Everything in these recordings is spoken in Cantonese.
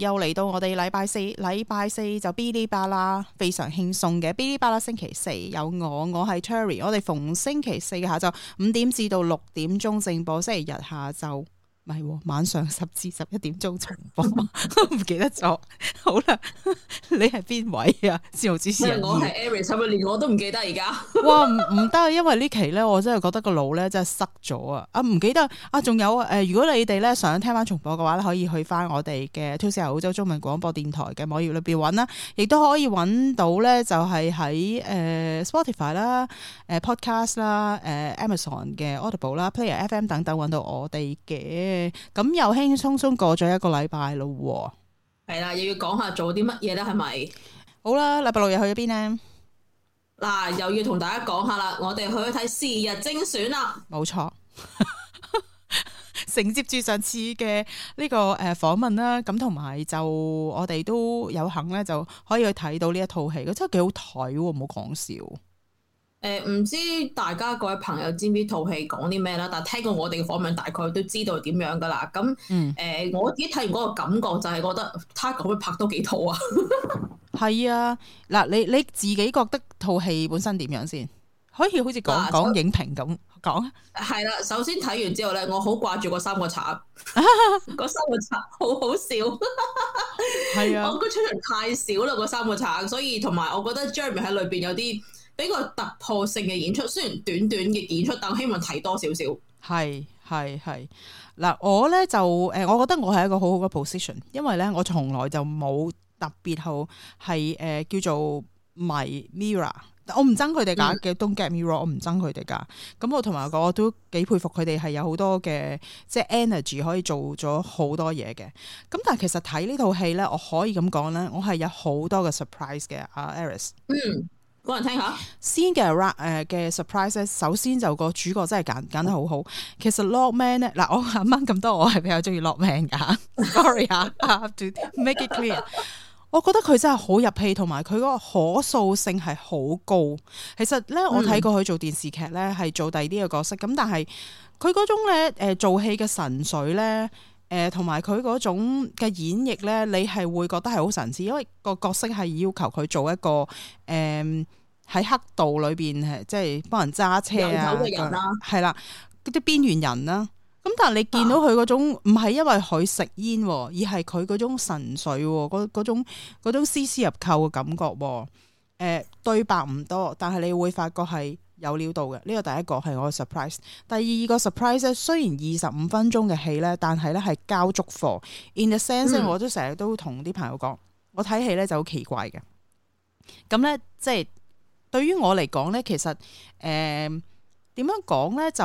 又嚟到我哋禮拜四，禮拜四就嗶哩吧啦，非常輕鬆嘅嗶哩吧啦。Bilibala 星期四有我，我係 Tury。我哋逢星期四下晝五點至到六點鐘正播，星期日下晝。唔係晚上十至十一點鐘重播，都唔 記得咗。好啦，你係邊位啊？自豪之持我係 Aries，可唔可以連我都唔記得而家？ 哇，唔唔得，因為呢期咧，我真係覺得個腦咧真係塞咗啊！啊，唔記得啊，仲有誒、呃，如果你哋咧想聽翻重播嘅話咧，可以去翻我哋嘅 Twister 澳洲中文廣播電台嘅網頁裏邊揾啦，亦都可以揾到咧，就係喺誒 Spotify 啦、誒 Podcast 啦、誒、呃、Amazon 嘅 Audible 啦、Player FM 等等揾到我哋嘅。咁又輕輕鬆鬆過咗一個禮拜咯，係啦，又要講下做啲乜嘢咧？係咪好啦？禮拜六又去咗邊呢？嗱，啊，又要同大家講下啦，我哋去睇《是日精選》啦沒錯，冇錯，承接住上次嘅呢個誒訪問啦，咁同埋就我哋都有幸咧，就可以去睇到呢一套戲，真係幾好睇，唔好講笑。誒，唔知大家各位朋友知唔知套戲講啲咩啦？但係聽過我哋嘅訪問，大概都知道點樣噶啦。咁誒、嗯呃，我自己睇完嗰個感覺就係、是、覺得，他咁樣拍多幾套啊。係 啊，嗱，你你自己覺得套戲本身點樣先？可以好似講講影評咁講。係啦、啊，首先睇完之後咧，我好掛住嗰三個賊，嗰、啊、 三個賊好好笑。係啊，我個出場太少啦，嗰三個賊，所以同埋我覺得 Jammy 喺裏邊有啲。俾個突破性嘅演出，雖然短短嘅演出，但我希望睇多少少。係係係嗱，我咧就誒、呃，我覺得我係一個好好嘅 position，因為咧我從來就冇特別好係誒、呃、叫做迷 Mirror，我唔憎佢哋噶嘅 Don't get me wrong，我唔憎佢哋噶。咁我同埋我都幾佩服佢哋係有好多嘅即係 energy 可以做咗好多嘢嘅。咁但係其實睇呢套戲咧，我可以咁講咧，我係有好多嘅 surprise 嘅。阿、啊、Aris 講人聽下先嘅誒嘅 surprise，首先就個主角真係揀揀得好好。其實 Lokman 咧、呃，嗱我阿媽咁多，我係比較中意 Lokman 噶。Sorry 啊 ，make it clear，我覺得佢真係好入戲，同埋佢嗰個可塑性係好高。其實咧，我睇過佢做電視劇咧，係做第二啲嘅角色。咁但係佢嗰種咧，誒、呃、做戲嘅神髓咧。誒同埋佢嗰種嘅演繹呢，你係會覺得係好神似，因為個角色係要求佢做一個誒喺、呃、黑道裏邊即係幫人揸車嘅、啊、人、啊啊、啦，嗰啲邊緣人啦、啊。咁但係你見到佢嗰種唔係、啊、因為佢食煙、啊，而係佢嗰種神髓嗰嗰種嗰種絲絲入扣嘅感覺喎、啊。誒、呃、對白唔多，但係你會發覺係。有料到嘅，呢、這個第一個係我嘅 surprise。第二個 surprise 咧，雖然二十五分鐘嘅戲咧，但係咧係交足貨。In the sense、嗯、我都成日都同啲朋友講，我睇戲咧就好奇怪嘅。咁咧即係對於我嚟講咧，其實誒點樣講咧，就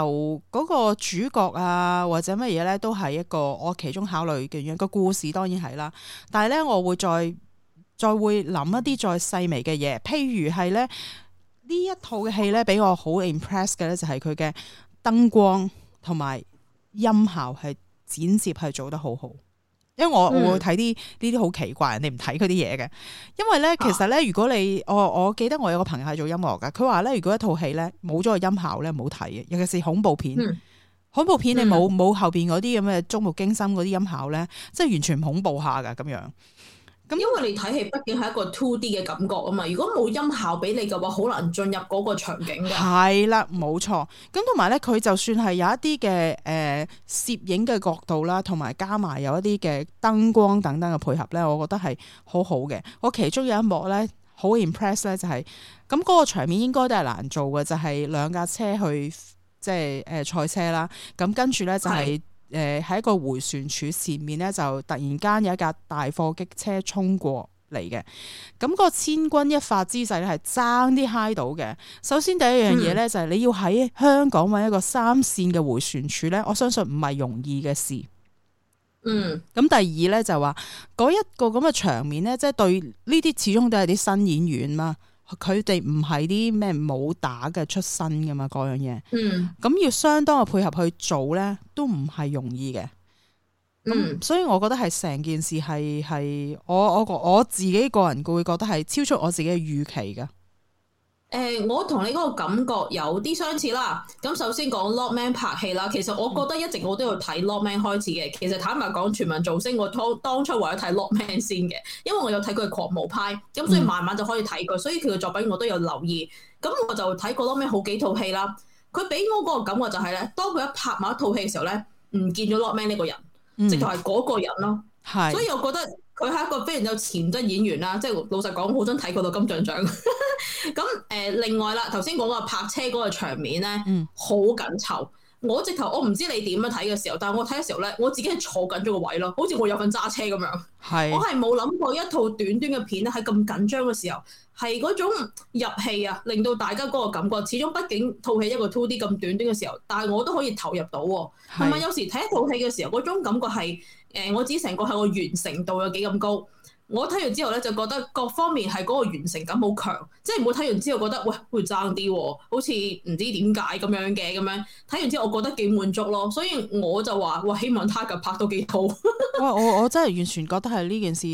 嗰、那個主角啊或者乜嘢咧，都係一個我其中考慮嘅嘢。一個故事當然係啦，但係咧我會再再會諗一啲再細微嘅嘢，譬如係咧。呢一套嘅戲咧，俾我好 impress 嘅咧，就係佢嘅燈光同埋音效係剪接係做得好好。因為我、嗯、我會睇啲呢啲好奇怪，人哋唔睇佢啲嘢嘅。因為咧，其實咧，如果你、啊、我我記得我有個朋友係做音樂噶，佢話咧，如果一套戲咧冇咗個音效咧，唔好睇嘅。尤其是恐怖片，嗯、恐怖片你冇冇後邊嗰啲咁嘅觸目驚心嗰啲音效咧，即係完全唔恐怖下噶咁樣。因為你睇戲畢竟係一個 two D 嘅感覺啊嘛，如果冇音效俾你嘅話，好難進入嗰個場景嘅。係啦，冇錯。咁同埋咧，佢就算係有一啲嘅誒攝影嘅角度啦，同埋加埋有一啲嘅燈光等等嘅配合咧，我覺得係好好嘅。我其中有一幕咧，好 impress 咧，就係咁嗰個場面應該都係難做嘅，就係、是、兩架車去即係誒、呃、賽車啦。咁跟住咧就係、是。誒，喺、呃、一個回旋處前面咧，就突然間有一架大貨機車衝過嚟嘅，咁、那個千鈞一髮之際咧，係爭啲嗨到嘅。首先第一樣嘢咧，嗯、就係你要喺香港揾一個三綫嘅回旋處咧，我相信唔係容易嘅事。嗯，咁第二咧就話嗰一個咁嘅場面咧，即、就、係、是、對呢啲始終都係啲新演員啦。佢哋唔係啲咩武打嘅出身噶嘛，嗰樣嘢，咁、嗯、要相當嘅配合去做咧，都唔係容易嘅。嗯，所以我覺得係成件事係係我我我自己個人會覺得係超出我自己嘅預期噶。誒，我同你嗰個感覺有啲相似啦。咁首先講 Lokman 拍戲啦，其實我覺得一直我都要睇 Lokman 開始嘅。嗯、其實坦白講，全民造星我當當初為咗睇 Lokman 先嘅，因為我有睇佢狂舞派，咁所以慢慢就可以睇佢，所以佢嘅作品我都有留意。咁我就睇過 Lokman 好幾套戲啦。佢俾我嗰個感覺就係咧，當佢一拍埋一套戲嘅時候咧，唔見咗 Lokman 呢個人，嗯、直頭係嗰個人咯。係，所以我覺得。佢係一個非常有潛質演員啦，即係老實講，好想睇嗰套金像獎。咁 誒、呃，另外啦，頭先講個拍車嗰個場面咧，好緊湊。我直頭我唔知你點樣睇嘅時候，但係我睇嘅時候咧，我自己係坐緊咗個位咯，好似我有份揸車咁樣。係是。我係冇諗過一套短短嘅片咧，喺咁緊張嘅時候，係嗰種入戲啊，令到大家嗰個感覺，始終畢竟套戲一個 two D 咁短短嘅時候，但係我都可以投入到，哦。係咪是是有時睇一套戲嘅時候，嗰種感覺係？誒，我只成個係個完成度有幾咁高，我睇完之後咧就覺得各方面係嗰個完成感好強，即係我睇完之後覺得，喂會爭啲喎，好似唔知點解咁樣嘅咁樣。睇完之後我覺得幾滿足咯，所以我就話，哇，希望 Tiger 拍到幾套。我我真係完全覺得係呢件事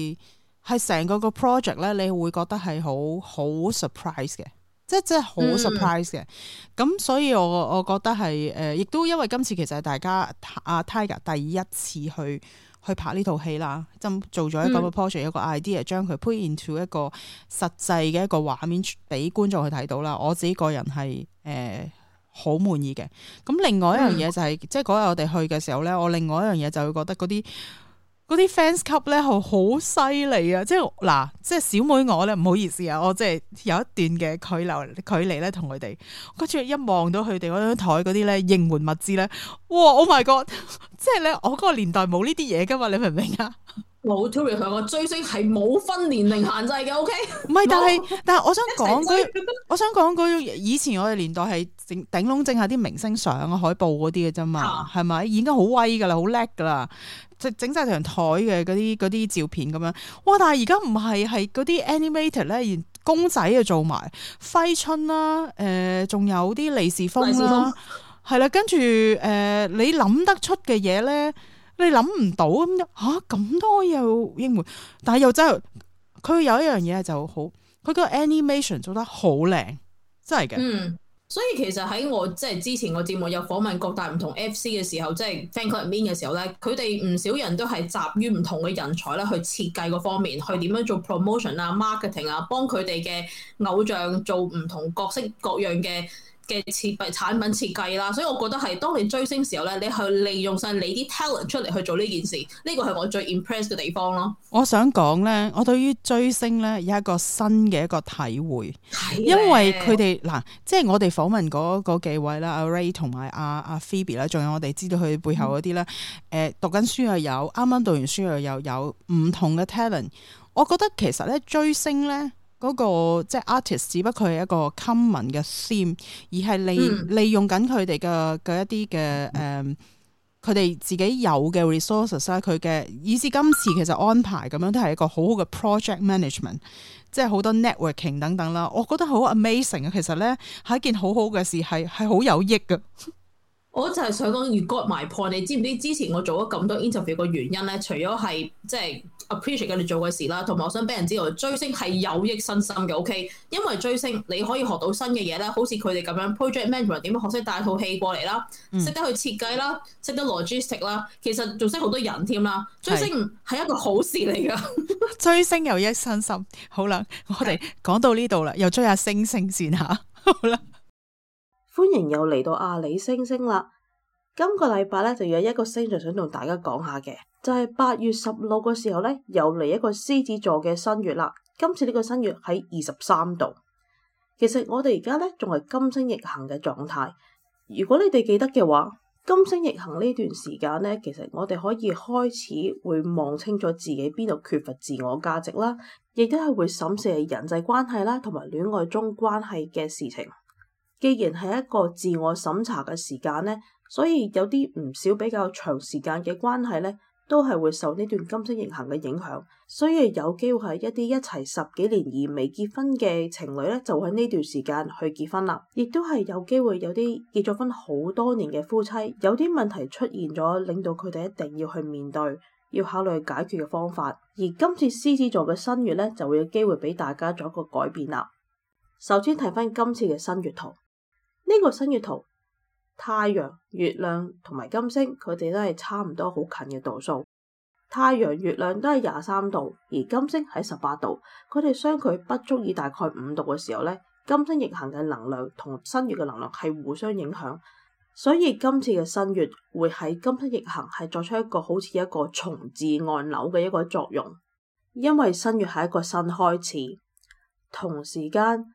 係成個個 project 咧，你會覺得係好好 surprise 嘅，即係真係好 surprise 嘅。咁、嗯、所以我我覺得係誒、呃，亦都因為今次其實係大家阿、啊、Tiger 第一次去。去拍呢套戲啦，針做咗一個 project，一個 idea，將佢 put into 一個實際嘅一個畫面俾觀眾去睇到啦。我自己個人係誒好滿意嘅。咁另外一樣嘢就係、是，嗯、即係嗰日我哋去嘅時候咧，我另外一樣嘢就會覺得嗰啲。嗰啲 fans club 咧好犀利啊！即係嗱，即係小妹我咧唔好意思啊，我即係有一段嘅距離距離咧同佢哋，跟住一望到佢哋嗰張台嗰啲咧應援物資咧，哇！Oh my god！即係咧，我嗰個年代冇呢啲嘢噶嘛，你明唔明啊？冇 Tury 我追星係冇分年齡限制嘅，OK？唔係，但係 但係我想講 我想講嗰種以前我哋年代係頂頂籠，整下啲明星相啊海報嗰啲嘅啫嘛，係咪、嗯？而家好威噶啦，好叻噶啦！即整晒條枱嘅嗰啲啲照片咁樣，哇！但係而家唔係係嗰啲 animated 咧，公仔啊做埋揮春啦，誒、呃，仲有啲利是封啦，係啦、啊，跟住誒、呃，你諗得出嘅嘢咧，你諗唔到咁啊，咁多又英會，但係又真係佢有一樣嘢就好，佢個 animation 做得好靚，真係嘅。嗯所以其實喺我即係、就是、之前個節目有訪問各大唔同 F.C. 嘅時候，即、就、係、是、Fan Club Meet 嘅時候咧，佢哋唔少人都係集於唔同嘅人才啦，去設計個方面，去點樣做 promotion 啊、marketing 啊，幫佢哋嘅偶像做唔同角色各樣嘅。嘅設備產品設計啦，所以我覺得係當你追星時候咧，你去利用晒你啲 talent 出嚟去做呢件事，呢個係我最 impress 嘅地方咯。我想講咧，我對於追星咧，有一個新嘅一個體會，因為佢哋嗱，即係我哋訪問嗰幾位啦，阿、啊、Ray 同埋阿阿 Phoebe 啦，仲、啊、有我哋知道佢背後嗰啲咧，誒、嗯、讀緊書又有,有，啱啱讀完書又有,有，有唔同嘅 talent。我覺得其實咧，追星咧。嗰、那個即係 artist，只不過係一個 common 嘅 theme，而係利、嗯、利用緊佢哋嘅嗰一啲嘅誒，佢哋自己有嘅 resources 啦，佢嘅以至今次其實安排咁樣都係一個好好嘅 project management，即係好多 networking 等等啦。我覺得好 amazing 啊，其實咧係一件好好嘅事，係係好有益嘅。 我就係想講，如果埋破你知唔知？之前我做咗咁多 interview 嘅原因咧，除咗係即係 appreciate 你做嘅事啦，同埋我想俾人知道追星係有益身心嘅。O、okay? K，因為追星你可以學到新嘅嘢啦，好似佢哋咁樣 project management 點樣學識帶套戲過嚟啦，識、嗯、得去設計啦，識得 logistic 啦，其實仲識好多人添啦。追星係一個好事嚟噶。是 追星有益身心。好啦， 我哋講到呢度啦，又追下星星先嚇。好啦。歡迎又嚟到阿里星星啦！今個禮拜咧，就有一個星座想同大家講下嘅，就係八月十六嘅時候咧，又嚟一個獅子座嘅新月啦。今次呢個新月喺二十三度，其實我哋而家咧仲係金星逆行嘅狀態。如果你哋記得嘅話，金星逆行呢段時間咧，其實我哋可以開始會望清楚自己邊度缺乏自我價值啦，亦都係會審視人際關係啦，同埋戀愛中關係嘅事情。既然係一個自我審查嘅時間呢，所以有啲唔少比較長時間嘅關係呢，都係會受呢段金星逆行嘅影響，所以有機會係一啲一齊十幾年而未結婚嘅情侶呢，就喺呢段時間去結婚啦。亦都係有機會有啲結咗婚好多年嘅夫妻，有啲問題出現咗，令到佢哋一定要去面對，要考慮解決嘅方法。而今次獅子座嘅新月呢，就會有機會俾大家做一個改變啦。首先睇翻今次嘅新月圖。呢個新月圖，太陽、月亮同埋金星，佢哋都係差唔多好近嘅度數。太陽、月亮都係廿三度，而金星喺十八度，佢哋相距不足以大概五度嘅時候咧，金星逆行嘅能量同新月嘅能量係互相影響，所以今次嘅新月會喺金星逆行係作出一個好似一個重置按鈕嘅一個作用，因為新月係一個新開始，同時間。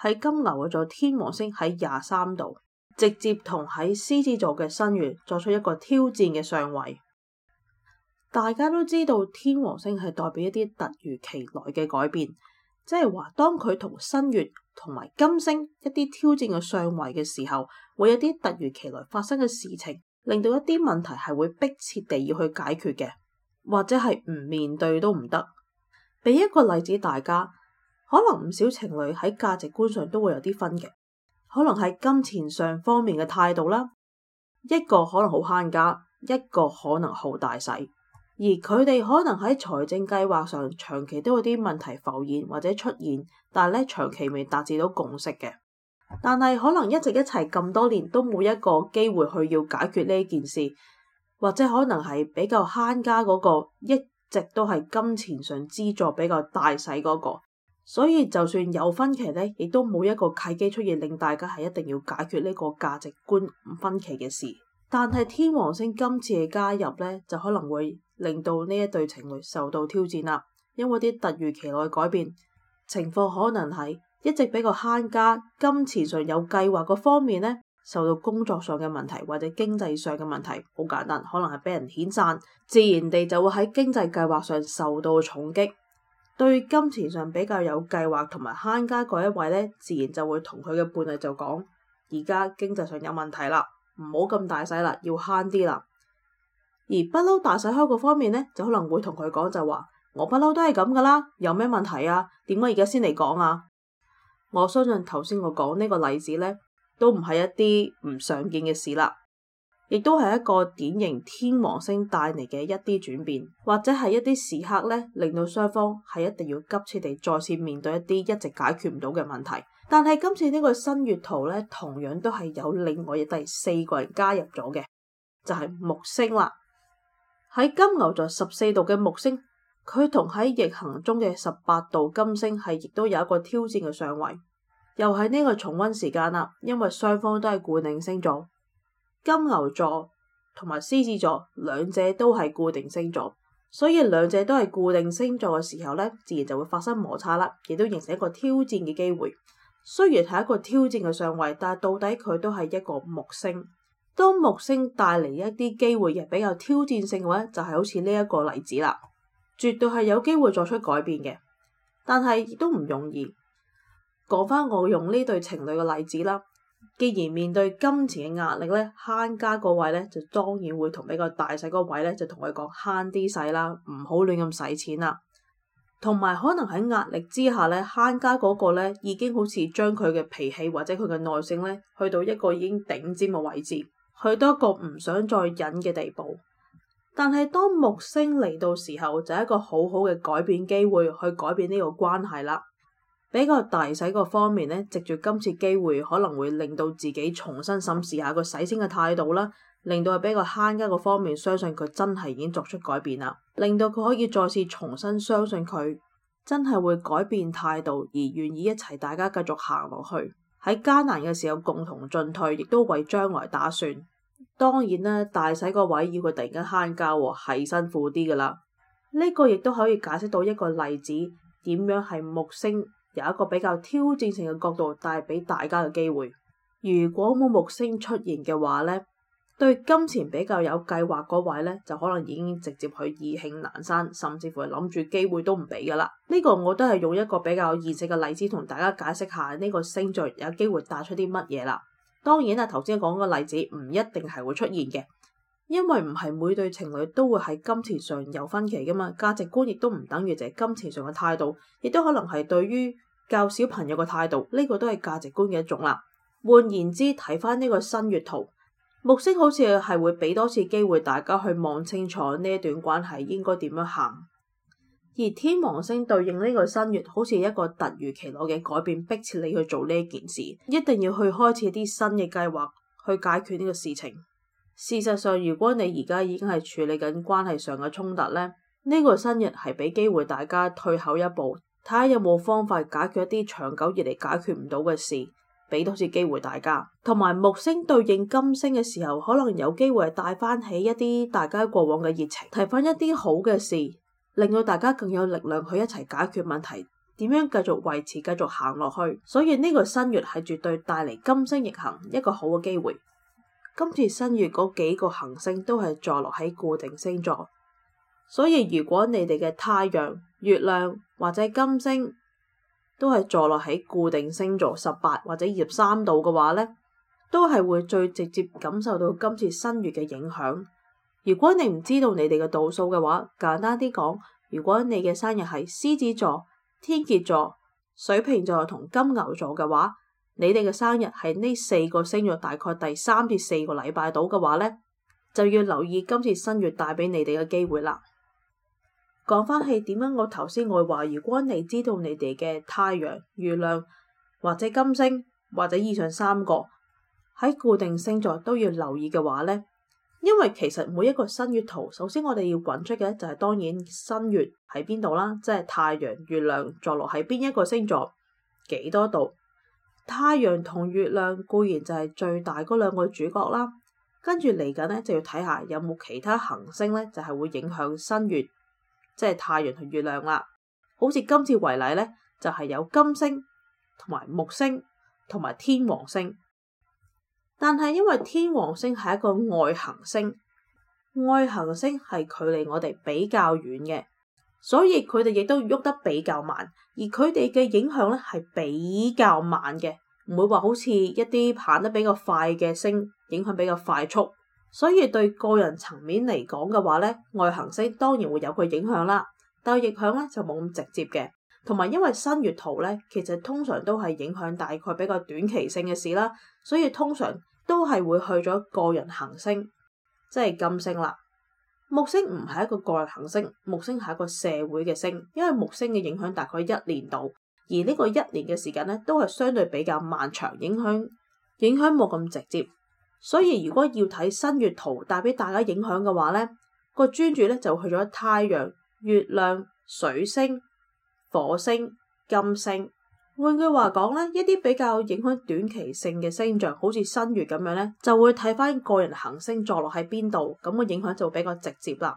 喺金牛座天王星喺廿三度，直接同喺獅子座嘅新月作出一個挑戰嘅上位。大家都知道天王星係代表一啲突如其來嘅改變，即係話當佢同新月同埋金星一啲挑戰嘅上位嘅時候，會有啲突如其來發生嘅事情，令到一啲問題係會迫切地要去解決嘅，或者係唔面對都唔得。俾一個例子，大家。可能唔少情侶喺價值觀上都會有啲分歧嘅，可能係金錢上方面嘅態度啦。一個可能好慳家，一個可能好大洗，而佢哋可能喺財政計劃上長期都有啲問題浮現或者出現，但係咧長期未達至到共識嘅。但係可能一直一齊咁多年都冇一個機會去要解決呢件事，或者可能係比較慳家嗰、那個一直都係金錢上資助比較大洗嗰、那個。所以就算有分歧呢，亦都冇一個契機出現令大家係一定要解決呢個價值觀唔分歧嘅事。但係天王星今次嘅加入呢，就可能會令到呢一對情侶受到挑戰啦。因為啲突如其來改變，情況可能係一直比較慳家，金錢上有計劃嘅方面呢，受到工作上嘅問題或者經濟上嘅問題，好簡單，可能係俾人遣散，自然地就會喺經濟計劃上受到重擊。對金錢上比較有計劃同埋慳家嗰一位咧，自然就會同佢嘅伴侶就講，而家經濟上有問題啦，唔好咁大使啦，要慳啲啦。而不嬲大使開嗰方面咧，就可能會同佢講就話，我不嬲都係咁噶啦，有咩問題啊？點解而家先嚟講啊？我相信頭先我講呢個例子咧，都唔係一啲唔常見嘅事啦。亦都係一個典型天王星帶嚟嘅一啲轉變，或者係一啲時刻呢，令到雙方係一定要急切地再次面對一啲一直解決唔到嘅問題。但係今次呢個新月圖呢，同樣都係有另外第四個人加入咗嘅，就係、是、木星啦。喺金牛座十四度嘅木星，佢同喺逆行中嘅十八度金星係，亦都有一個挑戰嘅相位，又係呢個重溫時間啦，因為雙方都係固定星座。金牛座同埋獅子座兩者都係固定星座，所以兩者都係固定星座嘅時候咧，自然就會發生摩擦啦，亦都形成一個挑戰嘅機會。雖然係一個挑戰嘅上位，但係到底佢都係一個木星。當木星帶嚟一啲機會亦比較挑戰性嘅話，就係好似呢一個例子啦，絕對係有機會作出改變嘅，但係亦都唔容易。講翻我用呢對情侶嘅例子啦。既然面對金錢嘅壓力咧，慳家嗰位咧就當然會同比較大細嗰位咧就同佢講慳啲使啦，唔好亂咁使錢啦。同埋可能喺壓力之下咧，慳家嗰個咧已經好似將佢嘅脾氣或者佢嘅耐性咧去到一個已經頂尖嘅位置，去到一個唔想再忍嘅地步。但係當木星嚟到時候，就係一個好好嘅改變機會，去改變呢個關係啦。比較大使個方面呢，藉住今次機會，可能會令到自己重新審視下個洗清嘅態度啦，令到係比較慳家個方面，相信佢真係已經作出改變啦，令到佢可以再次重新相信佢真係會改變態度，而願意一齊大家繼續行落去喺艱難嘅時候共同進退，亦都為將來打算。當然啦，大使個位要佢突然間慳家係辛苦啲㗎啦。呢、這個亦都可以解釋到一個例子點樣係木星。有一個比較挑戰性嘅角度帶俾大家嘅機會。如果冇木星出現嘅話呢，對金錢比較有計劃嗰位呢，就可能已經直接去意興闌珊，甚至乎係諗住機會都唔俾噶啦。呢、這個我都係用一個比較易識嘅例子同大家解釋下呢、這個星座有機會帶出啲乜嘢啦。當然啦、啊，頭先講個例子唔一定係會出現嘅，因為唔係每對情侶都會喺金錢上有分歧噶嘛，價值觀亦都唔等於就係金錢上嘅態度，亦都可能係對於。教小朋友嘅態度，呢個都係價值觀嘅一種啦。換言之，睇翻呢個新月圖，木星好似係會俾多次機會大家去望清楚呢一段關係應該點樣行。而天王星對應呢個新月，好似一個突如其來嘅改變，逼切你去做呢件事，一定要去開始啲新嘅計劃去解決呢個事情。事實上，如果你而家已經係處理緊關係上嘅衝突呢，呢個新月係俾機會大家退後一步。睇下有冇方法解決一啲長久以嚟解決唔到嘅事，俾多次機會大家。同埋木星對應金星嘅時候，可能有機會係帶翻起一啲大家過往嘅熱情，提翻一啲好嘅事，令到大家更有力量去一齊解決問題，點樣繼續維持、繼續行落去。所以呢個新月係絕對帶嚟金星逆行一個好嘅機會。今次新月嗰幾個行星都係坐落喺固定星座。所以如果你哋嘅太陽、月亮或者金星都係坐落喺固定星座十八或者二十三度嘅話呢，都係會最直接感受到今次新月嘅影響。如果你唔知道你哋嘅度數嘅話，簡單啲講，如果你嘅生日係獅子座、天蠍座、水瓶座同金牛座嘅話，你哋嘅生日係呢四個星座大概第三至四個禮拜到嘅話呢，就要留意今次新月帶俾你哋嘅機會啦。講翻係點解我頭先我話，如果你知道你哋嘅太陽、月亮或者金星或者以上三個喺固定星座都要留意嘅話呢，因為其實每一個新月圖，首先我哋要揾出嘅就係當然新月喺邊度啦，即係太陽、月亮坐落喺邊一個星座幾多度？太陽同月亮固然就係最大嗰兩個主角啦，跟住嚟緊呢，就要睇下有冇其他行星呢，就係會影響新月。即係太陽同月亮啦，好似今次為例咧，就係有金星同埋木星同埋天王星。但係因為天王星係一個外行星，外行星係距離我哋比較遠嘅，所以佢哋亦都喐得比較慢，而佢哋嘅影響咧係比較慢嘅，唔會話好似一啲行得比較快嘅星影響比較快速。所以對個人層面嚟講嘅話咧，外行星當然會有佢影響啦，但係影響咧就冇咁直接嘅。同埋因為新月圖咧，其實通常都係影響大概比較短期性嘅事啦，所以通常都係會去咗個人行星，即係金星啦。木星唔係一個個人行星，木星係一個社會嘅星，因為木星嘅影響大概一年度，而呢個一年嘅時間咧都係相對比較漫長，影響影響冇咁直接。所以如果要睇新月圖帶俾大家影響嘅話，呢個專注呢就去咗太陽、月亮、水星、火星、金星。換句話講，呢一啲比較影響短期性嘅星象，好似新月咁樣呢，就會睇翻個人行星坐落喺邊度，咁個影響就會比較直接啦。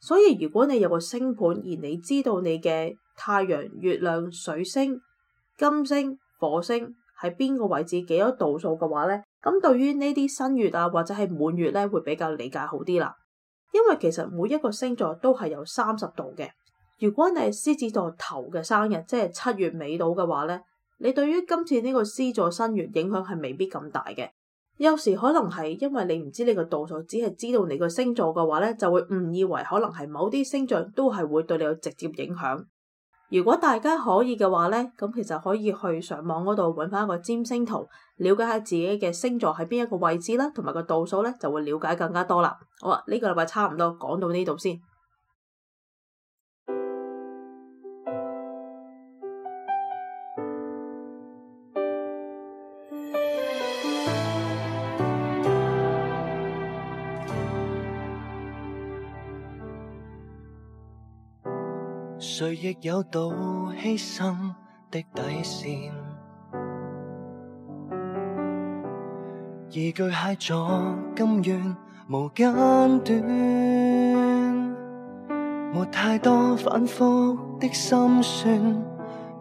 所以如果你有個星盤，而你知道你嘅太陽、月亮、水星、金星、火星，喺邊個位置幾多度數嘅話呢？咁對於呢啲新月啊，或者係滿月呢，會比較理解好啲啦。因為其實每一個星座都係有三十度嘅。如果你係獅子座頭嘅生日，即係七月尾到嘅話呢，你對於今次呢個獅座新月影響係未必咁大嘅。有時可能係因為你唔知你個度數，只係知道你個星座嘅話呢，就會誤以為可能係某啲星象都係會對你有直接影響。如果大家可以嘅話咧，咁其實可以去上網嗰度揾翻一個占星圖，了解下自己嘅星座喺邊一個位置啦，同埋個度數咧就會了解更加多啦。好啊，呢個禮拜差唔多講到呢度先。誰亦有道犧牲的底線，而巨蟹座甘願無間斷，沒太多反覆的心酸，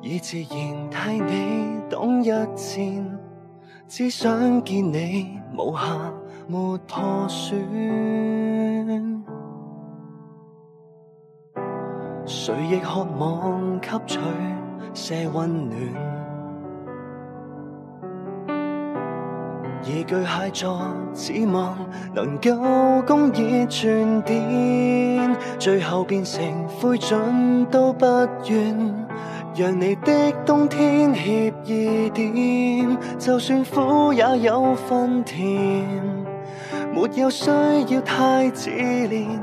以自然替你擋一箭，只想見你無瑕沒破損。亦渴望吸取些溫暖，而巨蟹座只望能夠攻而轉點，最後變成灰燼都不怨。讓你的冬天愜意點，就算苦也有份甜，沒有需要太自戀。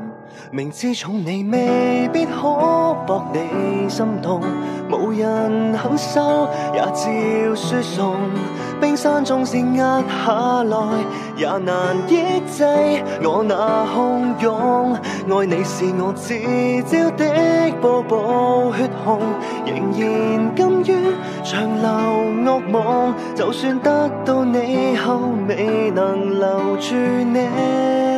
明知寵你未必可博你心動，無人肯收，也照輸送。冰山縱是壓下來，也難抑制我那洶湧。愛你是我自招的步步血紅，仍然甘於長留惡夢。就算得到你後，未能留住你。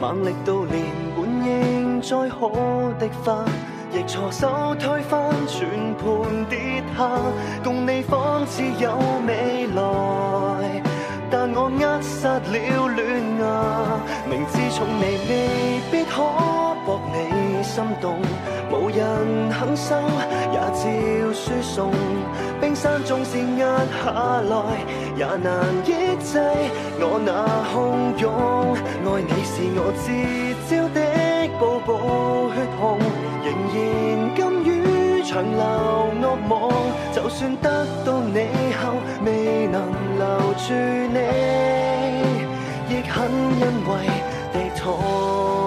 猛力到連本應栽好的花，亦錯手推翻，全盤跌下。共你仿似有未來，但我扼殺了戀愛，啊。明知從你未必可博你心動，無人肯收，也照輸送。冰山縱是壓下來，也難抑制我那洶湧。愛你是我自招的步步血紅，仍然甘於長流惡夢。就算得到你後，未能留住你，亦很欣慰地痛。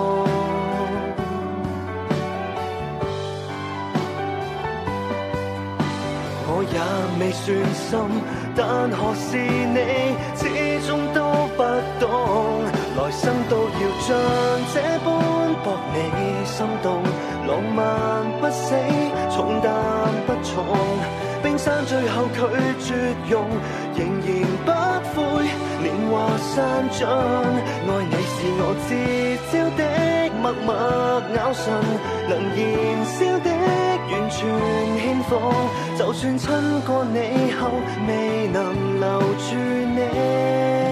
未算心，但何事你始終都不懂？來生都要像這般博你心動，浪漫不死，重擔不重。冰山最後拒絕用，仍然不悔。年華散盡，愛你是我自招的默默咬唇，能燃燒的。完全欠奉，就算親過你後未能留住你。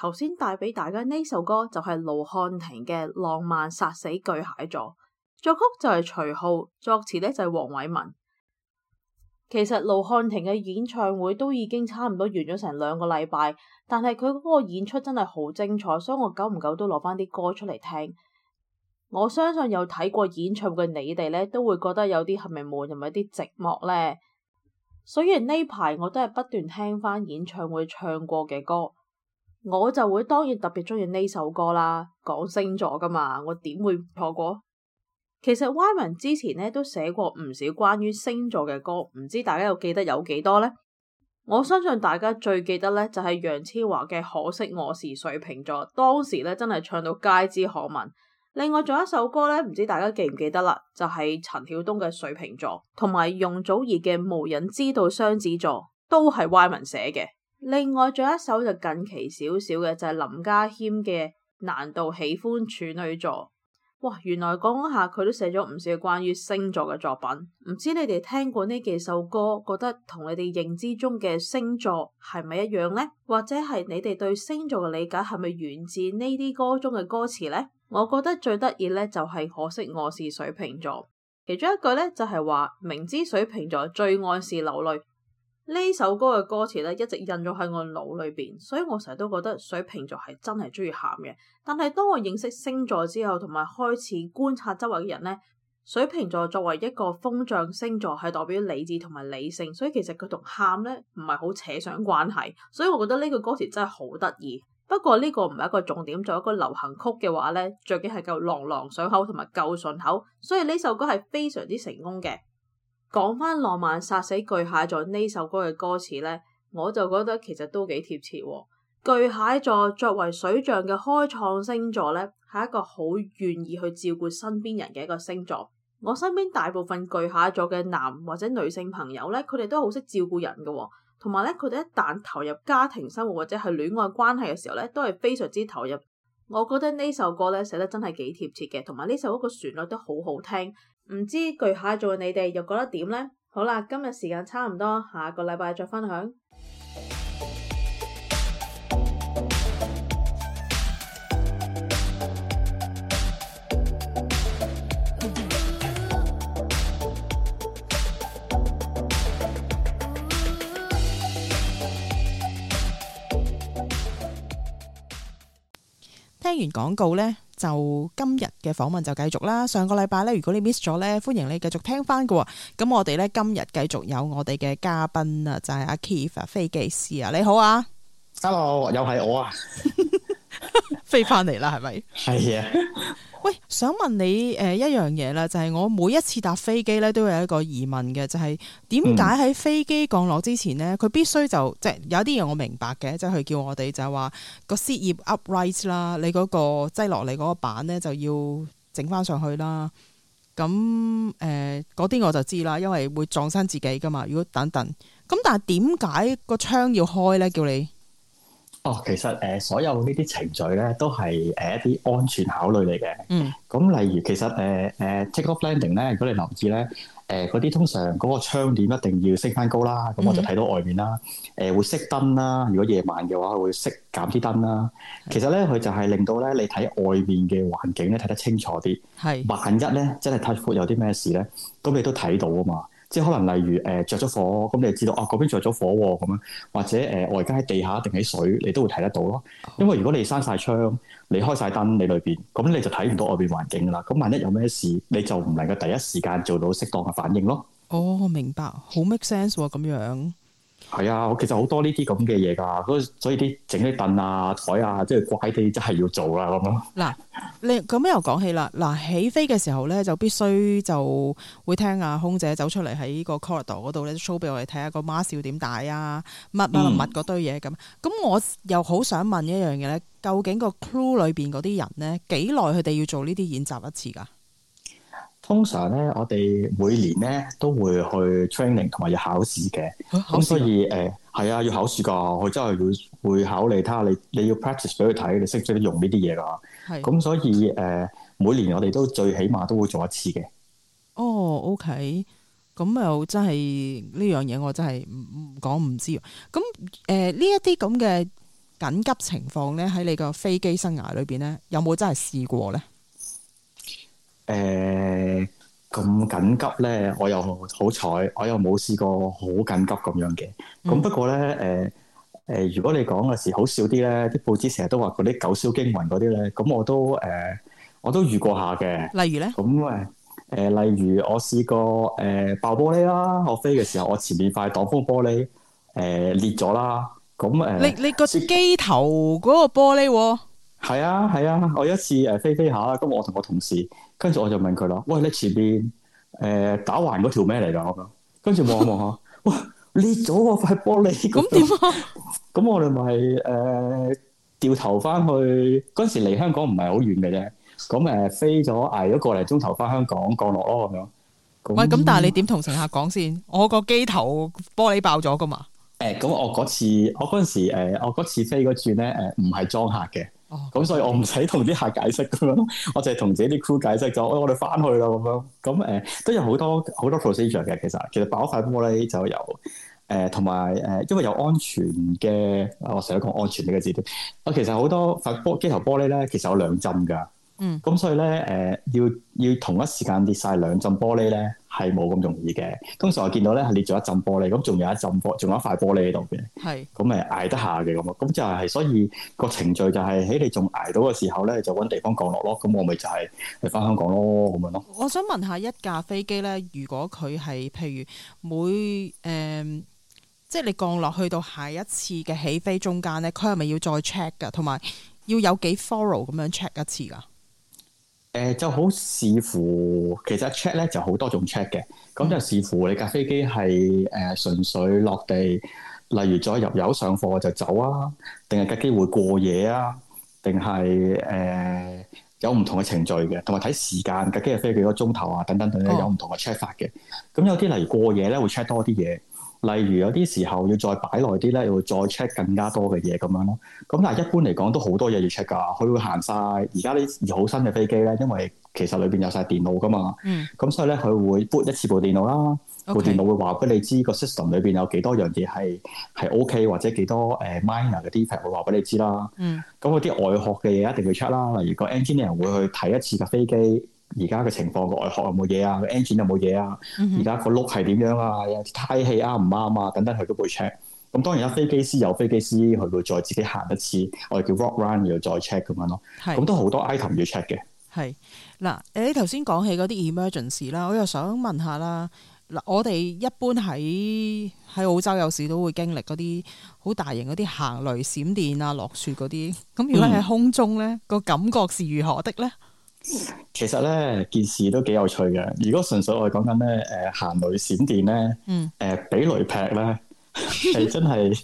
頭先帶俾大家呢首歌就係盧漢庭嘅《浪漫殺死巨蟹座》，作曲就係徐浩，作詞呢就係黃偉文。其實盧漢庭嘅演唱會都已經差唔多完咗成兩個禮拜，但係佢嗰個演出真係好精彩，所以我久唔久都攞翻啲歌出嚟聽。我相信有睇過演唱會嘅你哋呢都會覺得有啲係咪悶，係咪啲寂寞呢？雖然呢排我都係不斷聽翻演唱會唱過嘅歌。我就會當然特別中意呢首歌啦，講星座噶嘛，我點會錯過？其實 Wyman 之前呢都寫過唔少關於星座嘅歌，唔知大家又記得有幾多呢？我相信大家最記得咧就係楊千嬅嘅《可惜我是水瓶座》，當時咧真係唱到街知巷聞。另外仲有一首歌咧，唔知大家記唔記得啦？就係、是、陳曉東嘅《水瓶座》，同埋容祖兒嘅《無人知道雙子座》，都係 Wyman 寫嘅。另外，仲有一首就近期少少嘅，就係林家謙嘅《難道喜歡處女座》。哇，原來講講下佢都寫咗唔少關於星座嘅作品。唔知你哋聽過呢幾首歌，覺得同你哋認知中嘅星座係咪一樣呢？或者係你哋對星座嘅理解係咪源自呢啲歌中嘅歌詞呢？我覺得最得意呢，就係可惜我是水瓶座，其中一句呢，就係話，明知水瓶座最愛是流淚。呢首歌嘅歌詞咧，一直印咗喺我腦裏邊，所以我成日都覺得水瓶座係真係中意喊嘅。但係當我認識星座之後，同埋開始觀察周圍嘅人咧，水瓶座作為一個風象星座，係代表理智同埋理性，所以其實佢同喊咧唔係好扯上關係。所以我覺得呢句歌詞真係好得意。不過呢個唔係一個重點，作為一個流行曲嘅話咧，最緊要係夠朗朗上口同埋夠順口，所以呢首歌係非常之成功嘅。講翻浪漫殺死巨蟹座呢首歌嘅歌詞呢，我就覺得其實都幾貼切。巨蟹座作為水象嘅開創星座呢，係一個好願意去照顧身邊人嘅一個星座。我身邊大部分巨蟹座嘅男或者女性朋友呢，佢哋都好識照顧人嘅。哦，同埋呢，佢哋一旦投入家庭生活或者係戀愛關係嘅時候呢，都係非常之投入。我覺得呢首歌呢，寫得真係幾貼切嘅，同埋呢首歌個旋律都好好聽。唔知巨蟹座嘅你哋又覺得點呢？好啦，今日時間差唔多，下個禮拜再分享。聽完廣告呢。就今日嘅訪問就繼續啦。上個禮拜咧，如果你 miss 咗咧，歡迎你繼續聽翻㗎。咁我哋咧今日繼續有我哋嘅嘉賓啊，就係、是、阿 Keith 飛機師啊，你好啊，hello，又係我啊， 飛翻嚟啦，係咪 吧？係啊。喂，想問你誒、呃，一樣嘢啦，就係、是、我每一次搭飛機咧，都會有一個疑問嘅，就係點解喺飛機降落之前呢，佢必須就即係有啲嘢，我明白嘅，即係佢叫我哋就係話、那個 seat upright 啦，你嗰、那個擠落嚟嗰個板咧就要整翻上去啦。咁誒，嗰、呃、啲我就知啦，因為會撞傷自己噶嘛。如果等等，咁但係點解個窗要開咧？叫你？哦，其實誒、呃、所有呢啲程序咧，都係誒一啲安全考慮嚟嘅。嗯，咁例如其實誒誒、呃、takeoff landing 咧，如果你留意咧，誒嗰啲通常嗰個窗簾一定要升翻高啦，咁我就睇到外面啦。誒、嗯哼呃、會熄燈啦，如果夜晚嘅話會熄減啲燈啦。其實咧佢就係令到咧你睇外面嘅環境咧睇得清楚啲。係是，萬一咧真係 touch wood 有啲咩事咧，咁你都睇到啊嘛。即係可能例如誒着咗火，咁你就知道哦，嗰、啊、邊着咗火喎、啊、咁樣，或者誒、呃、我而家喺地下定係水，你都會睇得到咯。Okay. 因為如果你閂晒窗，你開晒燈，你裏邊咁你就睇唔到外邊環境㗎啦。咁萬一有咩事，你就唔能夠第一時間做到適當嘅反應咯。哦，我明白，好 make sense 喎，咁樣。係啊，我其實好多呢啲咁嘅嘢噶，所以啲整啲凳啊、台啊，即係怪地，真係要做啦咁咯。嗱， 你咁又講起啦，嗱起飛嘅時候咧，就必須就會聽啊空姐走出嚟喺個 corridor 嗰度咧 show 俾我哋睇下個 mask 點戴啊，乜乜乜嗰堆嘢咁。咁 我又好想問一樣嘢咧，究竟個 crew 裏邊嗰啲人咧幾耐佢哋要做呢啲演習一次噶？通常咧，我哋每年咧都會去 training 同埋要考試嘅。咁所以誒，係、呃、啊，要考試噶，我真係要會考慮睇下你你要 practice 俾佢睇，你識唔識得用呢啲嘢噶？係是。咁、嗯、所以誒、呃，每年我哋都最起碼都會做一次嘅。哦、oh，OK，咁又真係呢樣嘢，我真係唔講唔知。咁誒，呢一啲咁嘅緊急情況咧，喺你個飛機生涯裏邊咧，有冇真係試過咧？誒，咁緊、欸、急咧，我又好彩，我又冇試過好緊急咁樣嘅。咁、嗯、不過咧，誒，誒，如果你講嘅時好少啲咧，啲報紙成日都話嗰啲九霄驚魂嗰啲咧，咁我都誒、欸，我都遇過下嘅。例如咧，咁誒，誒、欸，例如我試過誒、欸、爆玻璃啦，我飛嘅時候，我前面塊擋風玻璃誒、欸、裂咗啦，咁、嗯、誒，你你個機頭嗰個玻璃係啊係啊，我有一次誒飛飛下啦，咁我同我同事。跟住我就問佢咯，喂！你前邊誒、呃、打橫嗰條咩嚟㗎？我講，跟住望一望下，哇！ 裂咗個塊玻璃，咁點、嗯、啊？咁我哋咪誒掉頭翻去嗰陣時嚟香港唔係好遠嘅啫，咁誒、呃、飛咗挨咗個嚟鐘頭翻香港降落咯咁樣，喂，咁但係你點同乘客講先？我個機頭玻璃爆咗噶嘛？誒、呃，咁我嗰次我嗰陣時我嗰次飛嗰轉咧誒，唔係裝客嘅。哦，咁所以我唔使同啲客解釋咁、 哎、樣，我淨係同自己啲 crew 解釋咗，我我哋翻去啦咁樣，咁、呃、誒都有好多好多 procedure 嘅其實，其實爆塊玻璃就有，誒同埋誒，因為有安全嘅、啊，我成日講安全呢個字，我、啊、其實好多塊玻機頭玻璃咧，其實有兩針㗎。嗯，咁所以咧，誒、呃、要要同一時間裂晒兩陣玻璃咧，係冇咁容易嘅。通常我見到咧係裂咗一陣玻璃，咁仲有一陣玻，仲有一塊玻璃喺度嘅。係咁誒，捱得下嘅咁咁就係、是、所以個程序就係、是、喺你仲捱到嘅時候咧，就揾地方降落咯。咁我咪就係你翻香港咯，咁樣咯。我想問下一架飛機咧，如果佢係譬如每誒、嗯，即係你降落去到下一次嘅起飛中間咧，佢係咪要再 check 噶？同埋要有幾 follow 咁樣 check 一次噶？誒、呃、就好視乎，其實 check 咧就好多種 check 嘅，咁就視乎你架飛機係誒、呃、純粹落地，例如再入油上貨就走啊，定係架機會過夜啊，定係誒有唔同嘅程序嘅，同埋睇時間架機係飛幾多鐘頭啊等等等有唔同嘅 check 法嘅，咁有啲例如過夜咧會 check 多啲嘢。例如有啲時候要再擺耐啲咧，要再 check 更加多嘅嘢咁樣咯。咁但係一般嚟講都好多嘢要 check 噶，佢會行晒而家啲好新嘅飛機咧，因為其實裏邊有晒電腦噶嘛。嗯。咁所以咧，佢會 boot 一次部電腦啦，部 Okay. 電腦會話俾你知個 system 裏邊有幾多樣嘢係係 OK 或者幾多誒 minor 嗰啲係會話俾你知啦。嗯。咁嗰啲外殼嘅嘢一定要 check 啦。例如個 engineer 會去睇一次架飛機。而家嘅情況個外殼有冇嘢啊？個 engine 有冇嘢啊？而家個轆係點樣啊？有啲胎氣啱唔啱啊？等等佢都會 check。咁當然啦，飛機師有飛機師，佢會再自己行一次，我哋叫 walk run 又再 check 咁樣咯。咁都好多 item 要 check 嘅。係嗱，誒頭先講起嗰啲 emergency 啦，我又想問下啦。嗱，我哋一般喺喺澳洲有時都會經歷嗰啲好大型嗰啲行雷閃電啊、落雪嗰啲。咁如果喺空中咧，個感覺是如何的咧？嗯。其實咧件事都幾有趣嘅。如果純粹我哋講緊咧，誒、呃，行雷閃電咧，誒、嗯，俾、呃、雷劈咧，係真係